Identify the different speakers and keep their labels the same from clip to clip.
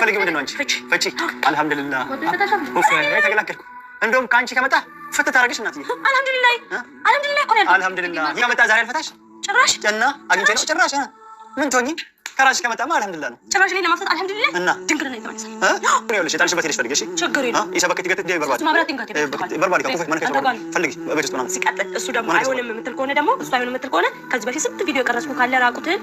Speaker 1: የምትፈልጊው ምንድን ነው? አንቺ ፍቺ። አልሐምዱሊላህ ተገላገልኩ። እንደውም ከአንቺ ከመጣ ፍትህ ታደርገሽ እናትዬ። አልሐምዱሊላህ አልሐምዱሊላህ። እኛ መጣ ዛሬ አልፈታሽ ጭራሽ እና አግኝቼ ነው ጭራሽ ምን ትሆኚ ከራስሽ ከመጣማ አልሐምዱሊላህ ነው።
Speaker 2: ጭራሽ እኔን ለማፍታት አልሐምዱሊላህ እና ድንግልና ይተመለሳል።
Speaker 1: ይኸውልሽ የጣልሽበት ሄደሽ ፈልጊ። እሺ ችግር የለውም። ይሰበከት ይገት ደይ በርባሪ በርባሪ ካኩፈ ማን ከሰው ፈልጊ በቤት ውስጥ ምናምን
Speaker 2: ሲቀጥል እሱ ደግሞ አይሆንም የምትል ከሆነ ደግሞ እሱ አይሆንም የምትል ከሆነ ከዚህ በፊት ስንት ቪዲዮ የቀረጽኩ ካለ ራቁትህን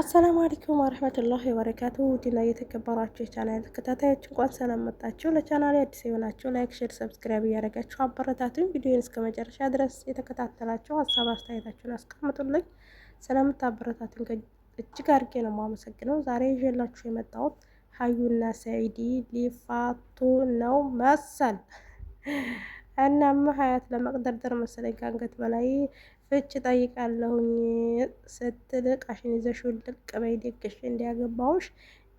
Speaker 3: አሰላሙ አለይኩም ወረህመቱላሂ ወበረካቱ ውድና እየተከበራችሁ የቻናል ተከታታዮች እንኳን ሰላም መጣችሁ። ለቻናል አዲስ የሆናችሁ ላይክ፣ ሼር፣ ሰብስክራይብ እያደረጋችሁ አበረታቱኝ። ቪዲዮን እስከ መጨረሻ ድረስ የተከታተላችሁ ሀሳብ አስተያየታችሁን አስቀምጡልኝ። ስለምታበረታቱኝ እጅግ አድርጌ ነው የማመሰግነው። ዛሬ ይዤላችሁ የመጣሁት ሀዩና ሰኢዲ ሊፋቱ ነው መሰል እናም ሀያት ለመቅደርደር መሰለኝ ከአንገት በላይ ፍች ጠይቃለሁኝ ስትል ቃሽን ይዘሽ ውልቅ በይ ደግሽ እንዲያገባውሽ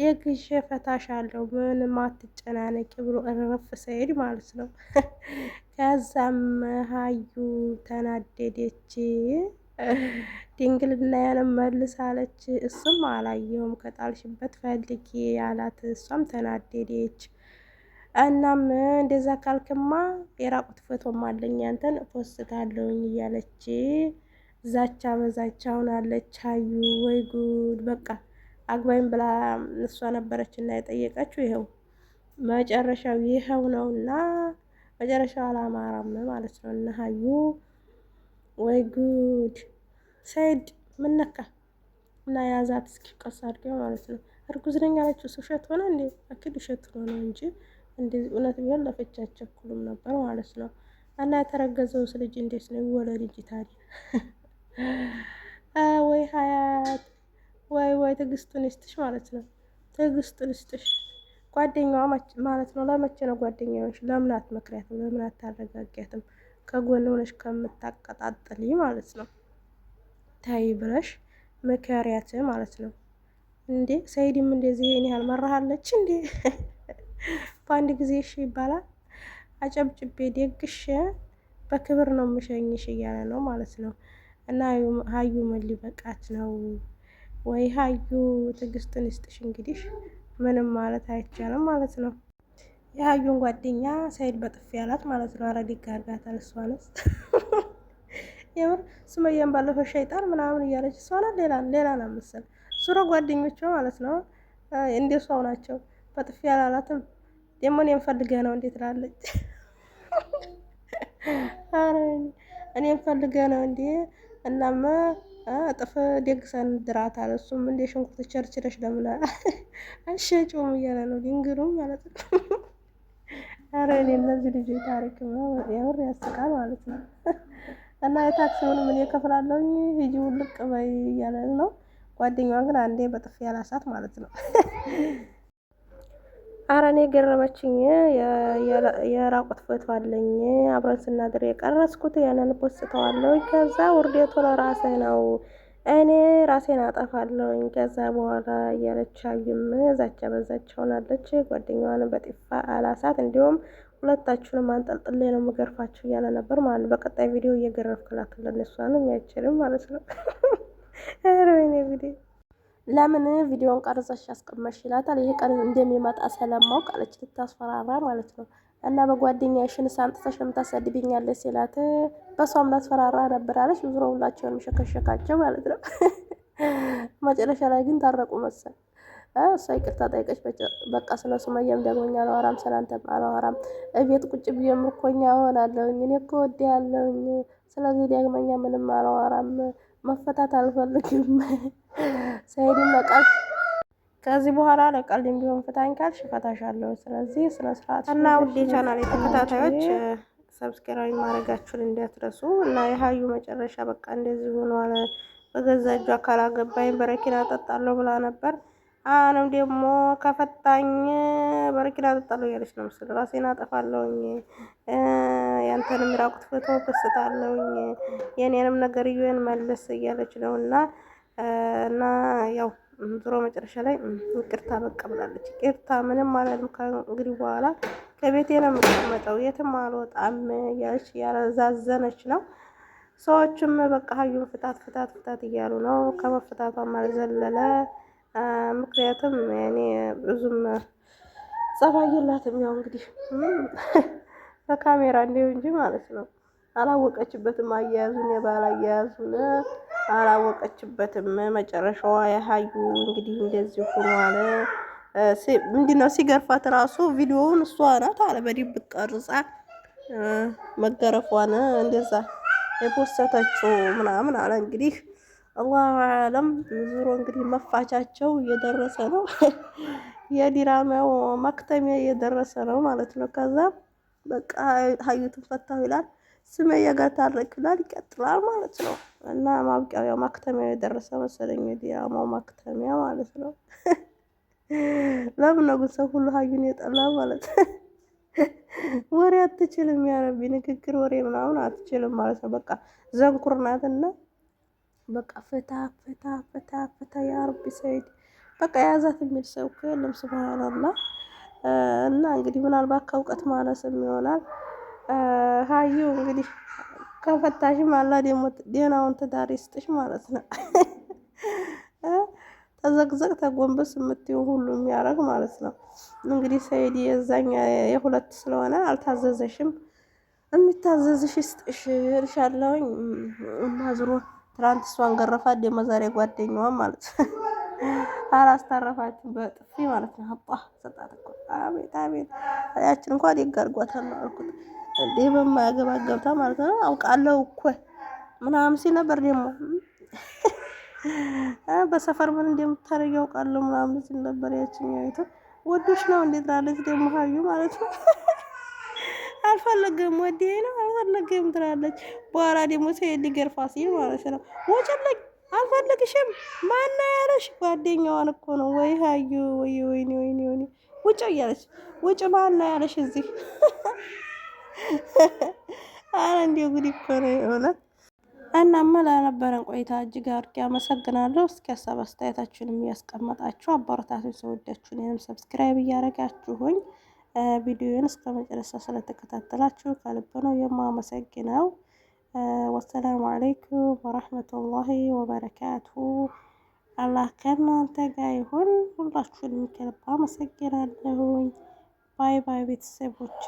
Speaker 3: ደግሽ ፈታሽ አለው ምንም አትጨናነቂ ብሎ እረፍ ሰይድ ማለት ነው። ከዛም ሀዩ ተናደደች። ድንግልና ያለም መልስ አለች። እሱም አላየውም ከጣልሽበት ፈልጊ ያላት። እሷም ተናደደች። እናም እንደዛ ካልክማ የራቁት ፎቶም አለኝ ያንተን ፖስታለሁኝ እያለች ዛቻ በዛቻውን አለች። አዩ ወይ ጉድ! በቃ አግባይም ብላ እሷ ነበረች እና የጠየቀችው ይኸው መጨረሻው ይኸው ነው እና መጨረሻው አላማራም ማለት ነው። እና አዩ ወይ ጉድ! ሰይድ ነካ እና ያዛት እስኪ ቀስ አድርገው ማለት ነው። እርጉዝ ነኝ አለችው። ውሸት ሆነ እንዴ? አክል ውሸት ሆነ እንጂ እንደዚህ እውነት ቢሆን ለፍቻ አቸኩሉም ነበር ማለት ነው። እና የተረገዘውስ ልጅ እንዴት ነው ይወለድ እንጂ ታዲያ ወይ ሀያት ወይ ወይ ትዕግስቱን ይስጥሽ ማለት ነው። ትዕግስቱን ይስጥሽ ጓደኛዋ ማለት ነው። ለመቼ ነው ጓደኛዎች? ለምን አትመክሪያትም? ለምን አታረጋጊያትም? ከጎን ሆነሽ ከምታቀጣጥል ማለት ነው። ታይ ብለሽ መከሪያት ማለት ነው። እንዴ ሰይድም እንደዚህ ይሄን ያህል መራሃለች እንዴ? በአንድ ጊዜ እሺ ይባላል። አጨብጭቤ ደግሽ በክብር ነው የምሸኝሽ እያለ ነው ማለት ነው። እና ሀዩ ምን ሊበቃት ነው? ወይ ሀዩ ትዕግስትን ይስጥሽ። እንግዲህ ምንም ማለት አይቻልም ማለት ነው። የሀዩን ጓደኛ ሳይድ በጥፊ ያላት ማለት ነው። አረዲ ጋርጋታ እሷንስ የምር ሱመያን ባለፈው ሸይጣን ምናምን እያለች እሷና ሌላ ሌላ ነው ምስል ሱሮ ጓደኞቿ ማለት ነው። እንደሷው ናቸው። በጥፊ ያላላትም ደግሞ እኔም ፈልገህ ነው እንዴ ትላለች። አረ እኔም ፈልገህ ነው እንዴ እናማ ጥፍ ደግሰን ድራታል። እሱም እንደ ሽንኩርት ቸርችረሽ ለምን አሸጩም እያለ ነው ድንግሩም ማለት ነው። አረ እኔ እነዚህ ልጅ ታሪክ የምር ያስቃል ማለት ነው። እና የታክሲውን ምን እከፍላለሁኝ ሂጂ ውልቅ በይ እያለ ነው። ጓደኛዋ ግን አንዴ በጥፍ ያላሳት ማለት ነው። አረ እኔ ገረመችኝ። የራቁት ፎቶ አለኝ አብረን ስናድር የቀረስኩት ያንን ፖስተዋለሁ። ከዛ ውርዴቱ ለራሴ ነው፣ እኔ ራሴን አጠፋለሁኝ ከዛ በኋላ እያለች አዩም ዛቻ በዛች ሆናለች። ጓደኛዋን በጢፋ አላሳት፣ እንዲሁም ሁለታችሁንም አንጠልጥሌ ነው የምገርፋችሁ እያለ ነበር ማለት ነው። በቀጣይ ቪዲዮ እየገረፍክላት ለእነሷንም ያችልም ማለት ነው። ኧረ ወይኔ ቪዲዮ ለምን ቪዲዮን ቀርጸሽ ያስቀመሽ ይላታል። ይሄ ቀን እንደሚመጣ ስለማውቅ አለች ልታስፈራራ ማለት ነው። እና በጓደኛሽን ሳምጥተሽ የምታሰድብኛለች ሲላት በሷም ላስፈራራ ነበር አለች። ዙሮ ሁላቸውን ሸከሸካቸው ማለት ነው። መጨረሻ ላይ ግን ታረቁ መሰል እሷ ይቅርታ ጠይቀች። በቃ ስለ ሱመያም ደግሞኛ አላወራም፣ ስላንተም አላወራም። እቤት ቁጭ ብዬ ምርኮኛ እሆናለሁኝ። እኔ እኮ ወድሃለሁኝ። ስለዚህ ዳግመኛ ምንም አላወራም፣ መፈታት አልፈልግም ሰኢድን በቃል ከዚህ በኋላ ለቀልድ ቢሆን ፍታኝ ካልሽ እፈታሻለሁ። ስለዚህ ስነ ስርዓት እና ውዴ ቻናል የተከታታዮች ሰብስክራይብ ማድረጋችሁን እንዳትረሱ እና የሀዩ መጨረሻ በቃ እንደዚህ ሆኗል። በገዛ እጇ ካላገባኝ በረኪና ጠጣለሁ ብላ ነበር። አሁንም ደግሞ ከፈታኝ በረኪና ጠጣለሁ እያለች ነው ምስል ራሴን አጠፋለውኝ ያንተንም ራቁት ፎቶ ክስታለውኝ የኔንም ነገር መልስ እያለች ነው እና እና ያው ዞሮ መጨረሻ ላይ ይቅርታ በቃ ብላለች። ይቅርታ ምንም አላልም፣ ከእንግዲህ በኋላ ከቤቴ ነው የምቀመጠው፣ የትም አልወጣም እያለች ያዛዘነች ነው። ሰዎችም በቃ ሀዩን ፍታት ፍታት ፍታት እያሉ ነው። ከመፍታቷ አልዘለለ። ምክንያቱም እኔ ብዙም ጸባይ የላትም። ያው እንግዲህ በካሜራ እንዲሁ እንጂ ማለት ነው። አላወቀችበትም አያያዙን የባል አያያዙን አላወቀችበትም። መጨረሻዋ የሀዩ እንግዲህ እንደዚህ ሆኗል። ምንድነው ሲገርፋት ራሱ ቪዲዮውን እሷ ናት አለ በድብቅ ቀርጻ መገረፏን እንደዛ የፖስተተችው ምናምን አለ እንግዲህ አላሁ አለም። ዙሮ እንግዲህ መፋቻቸው እየደረሰ ነው፣ የዲራማው ማክተሚያ እየደረሰ ነው ማለት ነው። ከዛ በቃ ሀዩትን ፈታው ይላል። ስመያ ጋር ታረቅ ብላል ይቀጥላል ማለት ነው። እና ማብቂያው ያው ማክተሚያው የደረሰ መሰለኝ የድራማው ማክተሚያ ማለት ነው። ለምን ነው ግን ሰው ሁሉ ሀዩን የጠላ ማለት ወሬ አትችልም፣ ያረቢ ንግግር ወሬ ምናምን አትችልም ማለት ነው። በቃ ዘንኩር ናትና በቃ ፍታ ፍታ ፍታ ፍታ ያረቢ ሰይድ በቃ የያዛት የሚል ሰው እኮ የለም። ስብሃናላ እና እንግዲህ ምናልባት ከእውቀት ማነስም ይሆናል። ሀዩ እንግዲህ ከፈታሽ አላ ደግሞ ዴናውን ትዳር ይስጥሽ ማለት ነው። ተዘግዘግ ተጎንበስ የምትይው ሁሉ የሚያረግ ማለት ነው። እንግዲህ ሰይድ የዛኛ የሁለት ስለሆነ አልታዘዘሽም። የሚታዘዝሽ ይስጥሽ እልሻለሁኝ። እና ዝሮ ትናንት እሷን ገረፋት ደግሞ ዛሬ ጓደኛዋን ማለት ነው አላስታረፋችሁ በጥፊ ማለት ነው። አባ ሰጣት እኮ አቤት አቤት፣ ያችን እንኳን ይጋርጓታል አልኩት። እንዴ በማያገባ ገብታ ማለት ነው። አውቃለሁ እኮ ምናምን ሲል ነበር። ደግሞ በሰፈር ምን እንደምታደርጊ አውቃለሁ ምናምን ሲል ነበር። ያችኛው ይቶ ወዶች ነው እንዴት ትላለች ደግሞ ሀዩ ማለት ነው። አልፈለገም ወዴ ነው አልፈለገም ትላለች። በኋላ ደግሞ ሰሄድ ሊገርፋ ሲል ማለት ነው ወጨለቅ አልፈልግሽም ማና ያለሽ ጓደኛዋን እኮ ነው ወይ ሀዩ ወይ ወይኔ ወይኔ ወይኔ ውጭ እያለች ውጭ ማና ያለሽ እዚህ አረ እንዲሁ ጉድ እኮ ነው የእውነት። እናማ ለነበረን ቆይታ እጅግ አድርጌ አመሰግናለሁ። እስኪ ሀሳብ አስተያየታችሁን እያስቀመጣችሁ አባረታችሁ ሰወዳችሁን ይህንም ሰብስክራይብ እያደረጋችሁኝ ቪዲዮን እስከ መጨረሻ ስለተከታተላችሁ ከልብ ነው የማመሰግነው። ወሰላሙ አለይኩም ወረህመቱላሂ ወበረካቱ። አላህ ከእናንተ ጋር ይሁን። ሁላችሁንም ከልብ አመሰግናለሁኝ። ባይ ባይ ቤተሰቦቼ።